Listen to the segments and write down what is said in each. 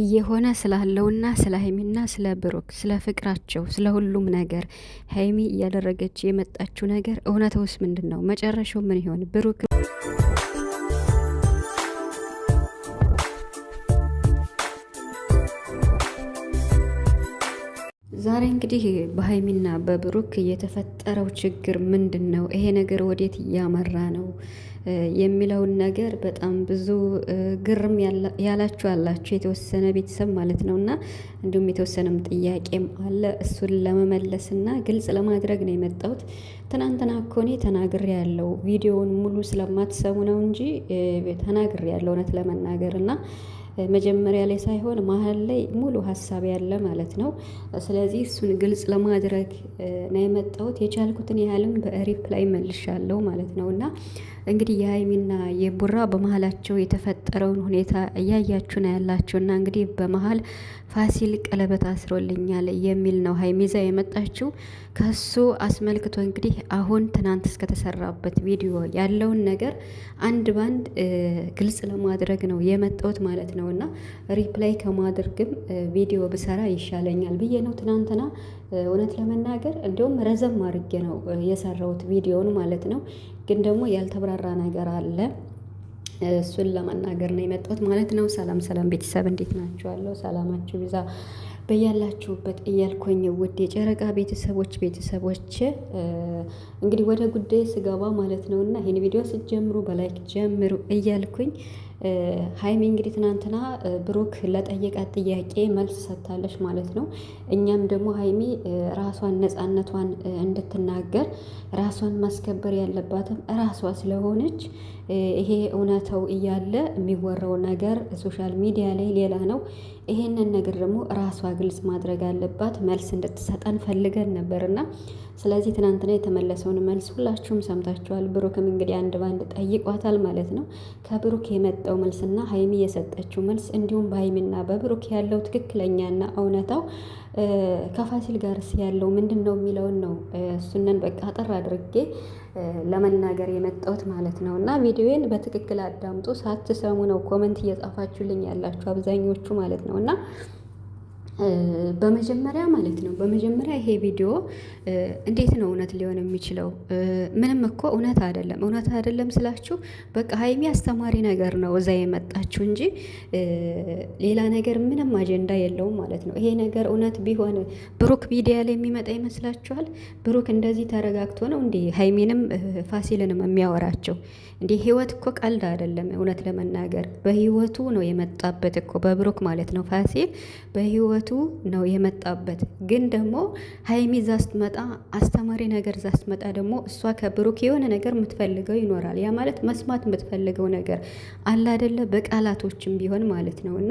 እየሆነ ስላለውና ስለ ሀይሚና ስለ ብሩክ ስለ ፍቅራቸው ስለ ሁሉም ነገር ሀይሚ እያደረገች የመጣችው ነገር እውነታውስ ምንድን ነው? መጨረሻው ምን ይሆን? ብሩክ ዛሬ እንግዲህ በሀይሚና በብሩክ የተፈጠረው ችግር ምንድን ነው? ይሄ ነገር ወዴት እያመራ ነው የሚለውን ነገር በጣም ብዙ ግርም ያላችሁ አላችሁ፣ የተወሰነ ቤተሰብ ማለት ነው እና እንዲሁም የተወሰነም ጥያቄም አለ። እሱን ለመመለስ ግልጽ ለማድረግ ነው የመጣሁት። ትናንትና እኮ እኔ ተናግሬ ያለው ቪዲዮውን ሙሉ ስለማትሰሙ ነው እንጂ ተናግሬ ያለው እውነት ለመናገር እና መጀመሪያ ላይ ሳይሆን መሀል ላይ ሙሉ ሀሳብ ያለ ማለት ነው። ስለዚህ እሱን ግልጽ ለማድረግ ነው የመጣሁት። የቻልኩትን ያህልም በሪፕላይ መልሻለሁ ማለት ነው እና እንግዲህ የሀይሚና የቡራ በመሀላቸው የተፈጠረውን ሁኔታ እያያችሁ ነው ያላችሁ እና እንግዲህ በመሀል ፋሲል ቀለበት አስሮልኛል የሚል ነው ሀይሚ ይዛ የመጣችው። ከሱ አስመልክቶ እንግዲህ አሁን ትናንት እስከተሰራበት ቪዲዮ ያለውን ነገር አንድ ባንድ ግልጽ ለማድረግ ነው የመጣሁት ማለት ነው። እና ሪፕላይ ከማድረግም ቪዲዮ ብሰራ ይሻለኛል ብዬ ነው ትናንትና እውነት ለመናገር እንዲሁም ረዘም አድርጌ ነው የሰራሁት ቪዲዮን ማለት ነው። ግን ደግሞ ያልተብራራ ነገር አለ እሱን ለማናገር ነው የመጣሁት ማለት ነው። ሰላም ሰላም ቤተሰብ እንዴት ናችኋለሁ? ሰላማችሁ ብዛ በያላችሁበት እያልኩኝ ውድ የጨረቃ ቤተሰቦች ቤተሰቦች እንግዲህ ወደ ጉዳይ ስገባ ማለት ነው እና ይህን ቪዲዮ ስትጀምሩ በላይክ ጀምሩ እያልኩኝ ሀይሚ እንግዲህ ትናንትና ብሩክ ለጠየቃት ጥያቄ መልስ ሰጥታለች ማለት ነው። እኛም ደግሞ ሀይሚ ራሷን ነፃነቷን እንድትናገር ራሷን ማስከበር ያለባትም ራሷ ስለሆነች ይሄ እውነተው እያለ የሚወራው ነገር ሶሻል ሚዲያ ላይ ሌላ ነው። ይሄንን ነገር ደግሞ ራሷ ግልጽ ማድረግ አለባት። መልስ እንድትሰጠን ፈልገን ነበርና ስለዚህ ትናንትና የተመለሰውን መልስ ሁላችሁም ሰምታችኋል። ብሩክም እንግዲህ አንድ ባንድ ጠይቋታል ማለት ነው። ከብሩክ የመጣው መልስና ሀይሚ የሰጠችው መልስ እንዲሁም በሀይሚና በብሩክ ያለው ትክክለኛና እውነታው ከፋሲል ጋርስ ያለው ምንድን ነው የሚለውን ነው። እሱነን በቃ አጠር አድርጌ ለመናገር የመጣሁት ማለት ነው። እና ቪዲዮዬን በትክክል አዳምጡ። ሳትሰሙ ነው ኮመንት እየጻፋችሁልኝ ያላችሁ አብዛኞቹ ማለት ነው እና በመጀመሪያ ማለት ነው በመጀመሪያ ይሄ ቪዲዮ እንዴት ነው እውነት ሊሆን የሚችለው? ምንም እኮ እውነት አይደለም። እውነት አይደለም ስላችሁ በቃ ሀይሚ አስተማሪ ነገር ነው እዛ የመጣችሁ እንጂ ሌላ ነገር ምንም አጀንዳ የለውም ማለት ነው። ይሄ ነገር እውነት ቢሆን ብሩክ ቪዲያ ላይ የሚመጣ ይመስላችኋል? ብሩክ እንደዚህ ተረጋግቶ ነው እንዲ ሀይሚንም ፋሲልንም የሚያወራቸው? እንዲህ ህይወት እኮ ቀልድ አይደለም። እውነት ለመናገር በህይወቱ ነው የመጣበት እኮ በብሩክ ማለት ነው። ፋሲል በህይወቱ ትምህርቱ ነው የመጣበት። ግን ደግሞ ሀይሚ ዛስትመጣ ስትመጣ አስተማሪ ነገር ዛስትመጣ ስትመጣ ደግሞ እሷ ከብሩክ የሆነ ነገር የምትፈልገው ይኖራል። ያ ማለት መስማት የምትፈልገው ነገር አለ አይደለ? በቃላቶችም ቢሆን ማለት ነው እና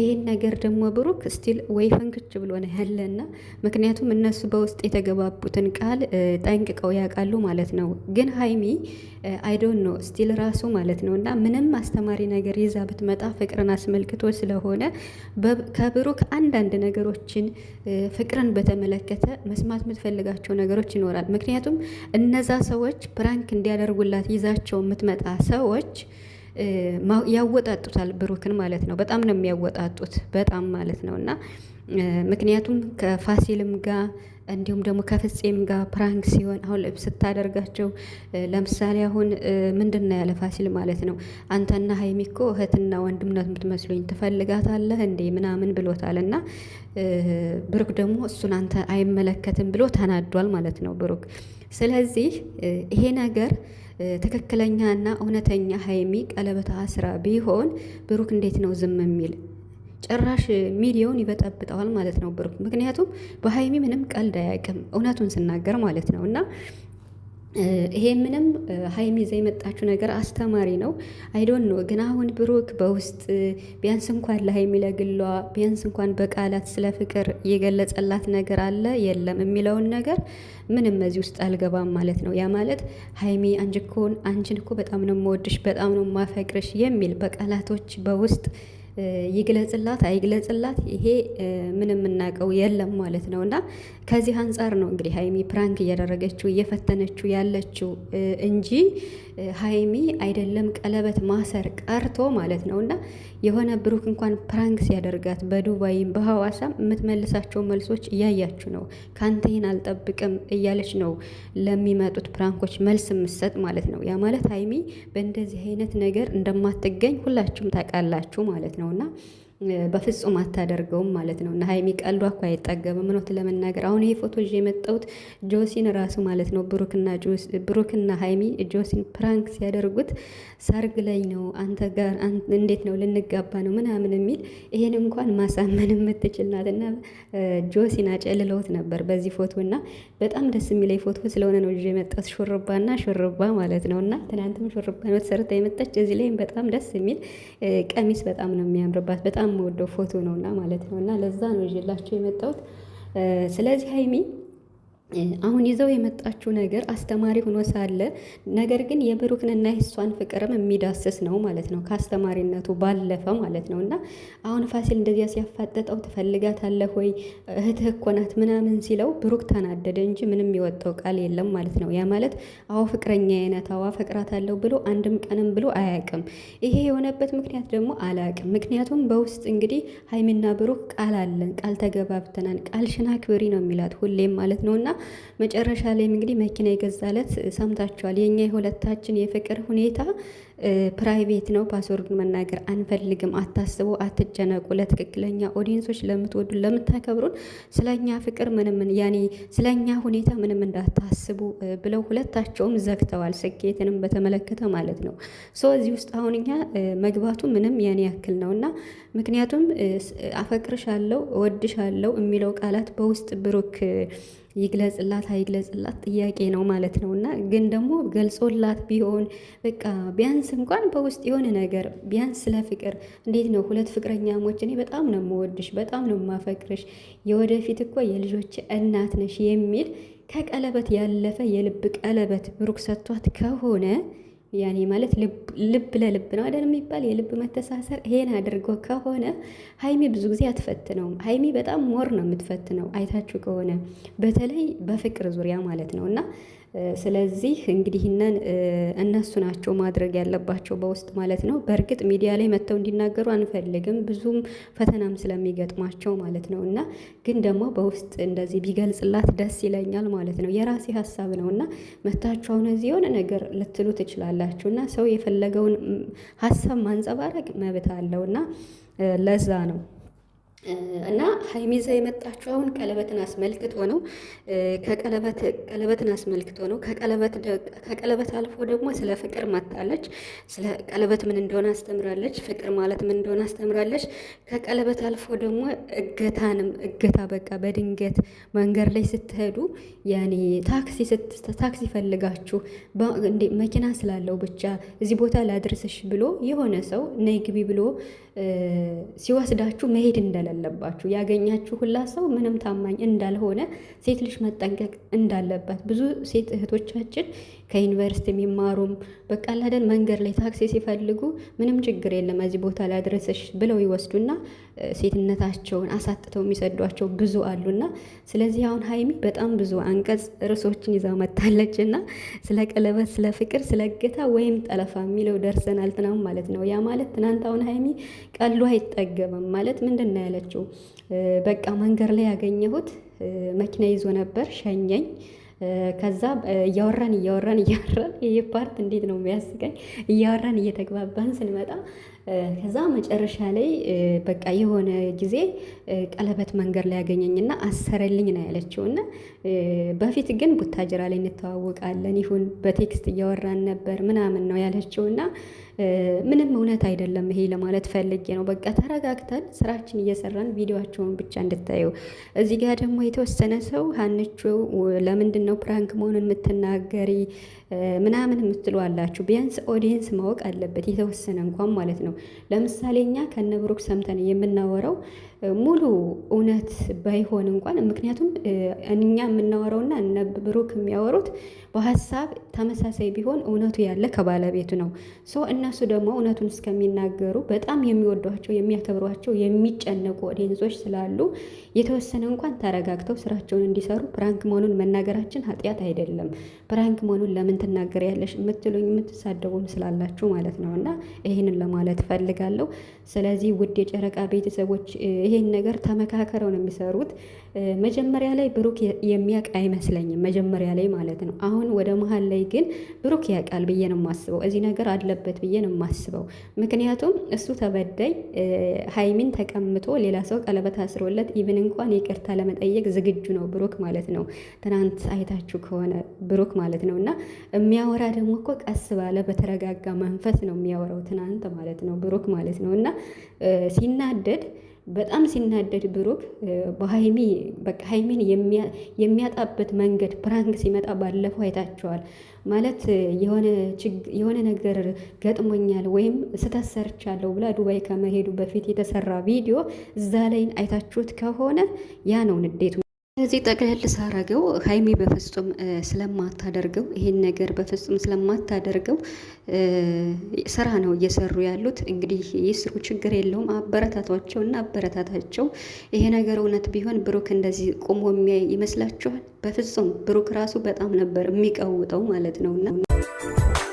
ይሄን ነገር ደግሞ ብሩክ ስቲል ወይ ፈንክች ብሎ ነው ያለና፣ ምክንያቱም እነሱ በውስጥ የተገባቡትን ቃል ጠንቅቀው ያውቃሉ ማለት ነው። ግን ሀይሚ አይዶን ነው ስቲል ራሱ ማለት ነው። እና ምንም አስተማሪ ነገር ይዛ ብትመጣ ፍቅርን አስመልክቶ ስለሆነ ከብሩክ አንዳንድ ነገሮችን ፍቅርን በተመለከተ መስማት የምትፈልጋቸው ነገሮች ይኖራል። ምክንያቱም እነዛ ሰዎች ፕራንክ እንዲያደርጉላት ይዛቸው የምትመጣ ሰዎች ያወጣጡታል ብሩክን ማለት ነው። በጣም ነው የሚያወጣጡት በጣም ማለት ነው እና ምክንያቱም ከፋሲልም ጋር እንዲሁም ደግሞ ከፍጼም ጋር ፕራንክ ሲሆን አሁን ስታደርጋቸው ለምሳሌ አሁን ምንድን ነው ያለ ፋሲል ማለት ነው አንተና ሀይሚ እኮ እህትና ወንድምነት የምትመስሎኝ ትፈልጋታለህ እንዴ ምናምን ብሎታል። እና ብሩክ ደግሞ እሱን አንተ አይመለከትም ብሎ ተናዷል ማለት ነው ብሩክ። ስለዚህ ይሄ ነገር ትክክለኛና እውነተኛ ሀይሚ ቀለበት አስራ ቢሆን ብሩክ እንዴት ነው ዝም የሚል? ጭራሽ ሚዲያውን ይበጠብጠዋል ማለት ነው ብሩክ። ምክንያቱም በሀይሚ ምንም ቀልድ አያውቅም፣ እውነቱን ስናገር ማለት ነው እና ይሄ ምንም ሀይሚ ይዛ የመጣችው ነገር አስተማሪ ነው። አይዶን ነው ግን አሁን ብሩክ በውስጥ ቢያንስ እንኳን ለሀይሚ ለግሏ ቢያንስ እንኳን በቃላት ስለ ፍቅር የገለጸላት ነገር አለ የለም የሚለውን ነገር ምንም እዚህ ውስጥ አልገባም ማለት ነው። ያ ማለት ሀይሚ አንቺ እኮ አንቺን እኮ በጣም ነው የምወድሽ በጣም ነው የማፈቅርሽ የሚል በቃላቶች በውስጥ ይግለጽላት አይግለጽላት ይሄ ምን የምናውቀው የለም ማለት ነው። እና ከዚህ አንጻር ነው እንግዲህ ሀይሚ ፕራንክ እያደረገችው እየፈተነችው ያለችው እንጂ ሀይሚ አይደለም ቀለበት ማሰር ቀርቶ ማለት ነው። እና የሆነ ብሩክ እንኳን ፕራንክ ሲያደርጋት በዱባይም በሐዋሳም የምትመልሳቸው መልሶች እያያችሁ ነው። ካንተን አልጠብቅም እያለች ነው ለሚመጡት ፕራንኮች መልስ የምትሰጥ ማለት ነው። ያ ማለት ሀይሚ በእንደዚህ አይነት ነገር እንደማትገኝ ሁላችሁም ታውቃላችሁ ማለት ነው። ነው እና በፍጹም አታደርገውም ማለት ነው። እና ሀይሚ ቀልዷ እኮ አይጠገብም። ምኖት ለመናገር አሁን ይሄ ፎቶ ይዤ የመጣሁት ጆሲን ራሱ ማለት ነው ብሩክና ሀይሚ ጆሲን ፕራንክ ሲያደርጉት ሰርግ ላይ ነው አንተ ጋር እንዴት ነው ልንጋባ ነው ምናምን የሚል ይሄን እንኳን ማሳመን የምትችል ናት። እና ጆሲን አጨልለውት ነበር በዚህ ፎቶ እና በጣም ደስ የሚለኝ ፎቶ ስለሆነ ነው ይዤ የመጣሁት ሹርባና ሹርባ ማለት ነው። እና ትናንትም ሹርባ ነው ተሰርታ የመጣች እዚህ ላይም በጣም ደስ የሚል ቀሚስ በጣም ነው የሚያምርባት በጣም በጣም የምወደው ፎቶ ነውና ማለት ነው። እና ለዛ ነው ይዤላችሁ የመጣሁት። ስለዚህ ሀይሚ አሁን ይዘው የመጣችው ነገር አስተማሪ ሆኖ ሳለ ነገር ግን የብሩክንና የሷን ፍቅርም የሚዳስስ ነው ማለት ነው። ከአስተማሪነቱ ባለፈ ማለት ነው። እና አሁን ፋሲል እንደዚያ ሲያፋጠጠው ትፈልጋታለህ ወይ እህትህ እኮ ናት ምናምን ሲለው ብሩክ ተናደደ እንጂ ምንም የወጣው ቃል የለም ማለት ነው። ያ ማለት አዎ ፍቅረኛ አይነት አዋ ፈቅራታለሁ ብሎ አንድም ቀንም ብሎ አያቅም። ይሄ የሆነበት ምክንያት ደግሞ አላቅም። ምክንያቱም በውስጥ እንግዲህ ሀይሚና ብሩክ ቃል አለን፣ ቃል ተገባብተናል፣ ቃልሽን አክብሪ ነው የሚላት ሁሌም ማለት እና መጨረሻ ላይም እንግዲህ መኪና የገዛለት ሰምታችኋል። የኛ የሁለታችን የፍቅር ሁኔታ ፕራይቬት ነው፣ ፓስወርድ መናገር አንፈልግም፣ አታስቡ፣ አትጨነቁ። ለትክክለኛ ኦዲየንሶች፣ ለምትወዱን፣ ለምታከብሩን ስለኛ ፍቅር ምንም ያኔ ስለኛ ሁኔታ ምንም እንዳታስቡ ብለው ሁለታቸውም ዘግተዋል። ስኬትንም በተመለከተ ማለት ነው። ሶ እዚህ ውስጥ አሁን እኛ መግባቱ ምንም ያኔ ያክል ነው እና ምክንያቱም አፈቅርሻለው፣ እወድሻለሁ የሚለው ቃላት በውስጥ ብሩክ ይግለጽላት አይግለጽላት ጥያቄ ነው ማለት ነው። እና ግን ደግሞ ገልጾላት ቢሆን በቃ ቢያንስ እንኳን በውስጥ የሆነ ነገር ቢያንስ ስለ ፍቅር እንዴት ነው ሁለት ፍቅረኛሞች፣ እኔ በጣም ነው የምወድሽ፣ በጣም ነው የማፈቅርሽ፣ የወደፊት እኮ የልጆች እናት ነሽ የሚል ከቀለበት ያለፈ የልብ ቀለበት ብሩክ ሰጥቷት ከሆነ ያኔ ማለት ልብ ለልብ ነው አይደል የሚባል የልብ መተሳሰር። ይሄን አድርጎ ከሆነ ሀይሚ ብዙ ጊዜ አትፈትነውም። ሀይሚ በጣም ሞር ነው የምትፈትነው አይታችሁ ከሆነ በተለይ በፍቅር ዙሪያ ማለት ነው እና ስለዚህ እንግዲህ እነን እነሱ ናቸው ማድረግ ያለባቸው በውስጥ ማለት ነው። በእርግጥ ሚዲያ ላይ መጥተው እንዲናገሩ አንፈልግም ብዙም ፈተናም ስለሚገጥማቸው ማለት ነው። እና ግን ደግሞ በውስጥ እንደዚህ ቢገልጽላት ደስ ይለኛል ማለት ነው። የራሴ ሀሳብ ነው እና መታችሁ አሁን እዚህ የሆነ ነገር ልትሉ ትችላላችሁ። እና ሰው የፈለገውን ሀሳብ ማንጸባረቅ መብት አለው እና ለዛ ነው እና ሀይሚ ይዛ የመጣችው አሁን ቀለበትን አስመልክቶ ነው። ከቀለበት ቀለበትን አስመልክቶ ነው። ከቀለበት አልፎ ደግሞ ስለ ፍቅር መታለች። ስለ ቀለበት ምን እንደሆነ አስተምራለች። ፍቅር ማለት ምን እንደሆነ አስተምራለች። ከቀለበት አልፎ ደግሞ እገታንም እገታ በቃ በድንገት መንገድ ላይ ስትሄዱ ያኔ ታክሲ ታክሲ ፈልጋችሁ መኪና ስላለው ብቻ እዚህ ቦታ ላድርስሽ ብሎ የሆነ ሰው ነይ ግቢ ብሎ ሲወስዳችሁ መሄድ እንደለ አለባችሁ። ያገኛችሁ ሁላ ሰው ምንም ታማኝ እንዳልሆነ ሴት ልጅ መጠንቀቅ እንዳለባት ብዙ ሴት እህቶቻችን ከዩኒቨርሲቲ የሚማሩም በቃ መንገድ ላይ ታክሲ ሲፈልጉ ምንም ችግር የለም እዚህ ቦታ ላይ አድረሰሽ ብለው ይወስዱና ሴትነታቸውን አሳጥተው የሚሰዷቸው ብዙ አሉና፣ ስለዚህ አሁን ሀይሚ በጣም ብዙ አንቀጽ ርዕሶችን ይዛ መታለች እና ስለ ቀለበት፣ ስለ ፍቅር፣ ስለ እገታ ወይም ጠለፋ የሚለው ደርሰናል ትናም ማለት ነው። ያ ማለት ትናንት አሁን ሀይሚ ቀሉ አይጠገምም ማለት ምንድን ነው ያለችው? በቃ መንገድ ላይ ያገኘሁት መኪና ይዞ ነበር ሸኘኝ ከዛ እያወራን እያወራን እያወራን ይህ ፓርት እንዴት ነው የሚያስቀኝ እያወራን እየተግባባን ስንመጣ ከዛ መጨረሻ ላይ በቃ የሆነ ጊዜ ቀለበት መንገድ ላይ ያገኘኝና አሰረልኝ ነው ያለችው። እና በፊት ግን ቡታጅራ ላይ እንተዋወቃለን ይሁን በቴክስት እያወራን ነበር ምናምን ነው ያለችው። እና ምንም እውነት አይደለም ይሄ ለማለት ፈልጌ ነው። በቃ ተረጋግተን ስራችን እየሰራን ቪዲዮቸውን ብቻ እንድታየው እዚህ ጋር ደግሞ የተወሰነ ሰው ሀንቹ ለምንድን ነው ፕራንክ መሆኑን የምትናገሪ ምናምን የምትሉ አላችሁ። ቢያንስ ኦዲየንስ ማወቅ አለበት የተወሰነ እንኳን ማለት ነው። ለምሳሌ እኛ ከነ ሰምተን የምናወራው ሙሉ እውነት ባይሆን እንኳን ምክንያቱም እኛ የምናወረውና እነ ብሩክ የሚያወሩት በሀሳብ ተመሳሳይ ቢሆን እውነቱ ያለ ከባለቤቱ ነው። ሶ እነሱ ደግሞ እውነቱን እስከሚናገሩ በጣም የሚወዷቸው የሚያከብሯቸው፣ የሚጨነቁ ኦዲየንሶች ስላሉ የተወሰነ እንኳን ተረጋግተው ስራቸውን እንዲሰሩ ፕራንክ መሆኑን መናገራችን ኃጢአት አይደለም። ፕራንክ መሆኑን ለምን ያለሽ የምትሉኝ የምትሳደቡም ስላላችሁ ማለት ነው እና ይህንን ለማለት እፈልጋለሁ። ስለዚህ ውድ የጨረቃ ቤተሰቦች ይሄን ነገር ተመካከረው ነው የሚሰሩት። መጀመሪያ ላይ ብሩክ የሚያውቅ አይመስለኝም፣ መጀመሪያ ላይ ማለት ነው። አሁን ወደ መሀል ላይ ግን ብሩክ ያውቃል ብዬ ነው የማስበው። እዚህ ነገር አለበት ብዬ ነው የማስበው። ምክንያቱም እሱ ተበዳይ ሀይሚን ተቀምጦ ሌላ ሰው ቀለበት አስሮለት ኢቭን እንኳን ይቅርታ ለመጠየቅ ዝግጁ ነው ብሩክ ማለት ነው። ትናንት አይታችሁ ከሆነ ብሩክ ማለት ነው። እና የሚያወራ ደግሞ እኮ ቀስ ባለ በተረጋጋ መንፈስ ነው የሚያወራው፣ ትናንት ማለት ነው ብሩክ ማለት ነው። እና ሲናደድ በጣም ሲናደድ ብሩክ በሀይሚ በቃ ሀይሚን የሚያጣበት መንገድ ፕራንክ ሲመጣ ባለፈው አይታቸዋል። ማለት የሆነ ነገር ገጥሞኛል ወይም ስተሰርቻለሁ ብላ ዱባይ ከመሄዱ በፊት የተሰራ ቪዲዮ እዛ ላይ አይታችሁት ከሆነ ያ ነው ንዴቱ። እዚህ ጠቅለል ሳረገው ሀይሚ በፍጹም ስለማታደርገው ይሄን ነገር በፍጹም ስለማታደርገው ስራ ነው እየሰሩ ያሉት። እንግዲህ ይስሩ፣ ችግር የለውም። አበረታቷቸው እና አበረታታቸው። ይሄ ነገር እውነት ቢሆን ብሩክ እንደዚህ ቁሞ የሚያይ ይመስላችኋል? በፍጹም ብሩክ ራሱ በጣም ነበር የሚቀውጠው ማለት ነውና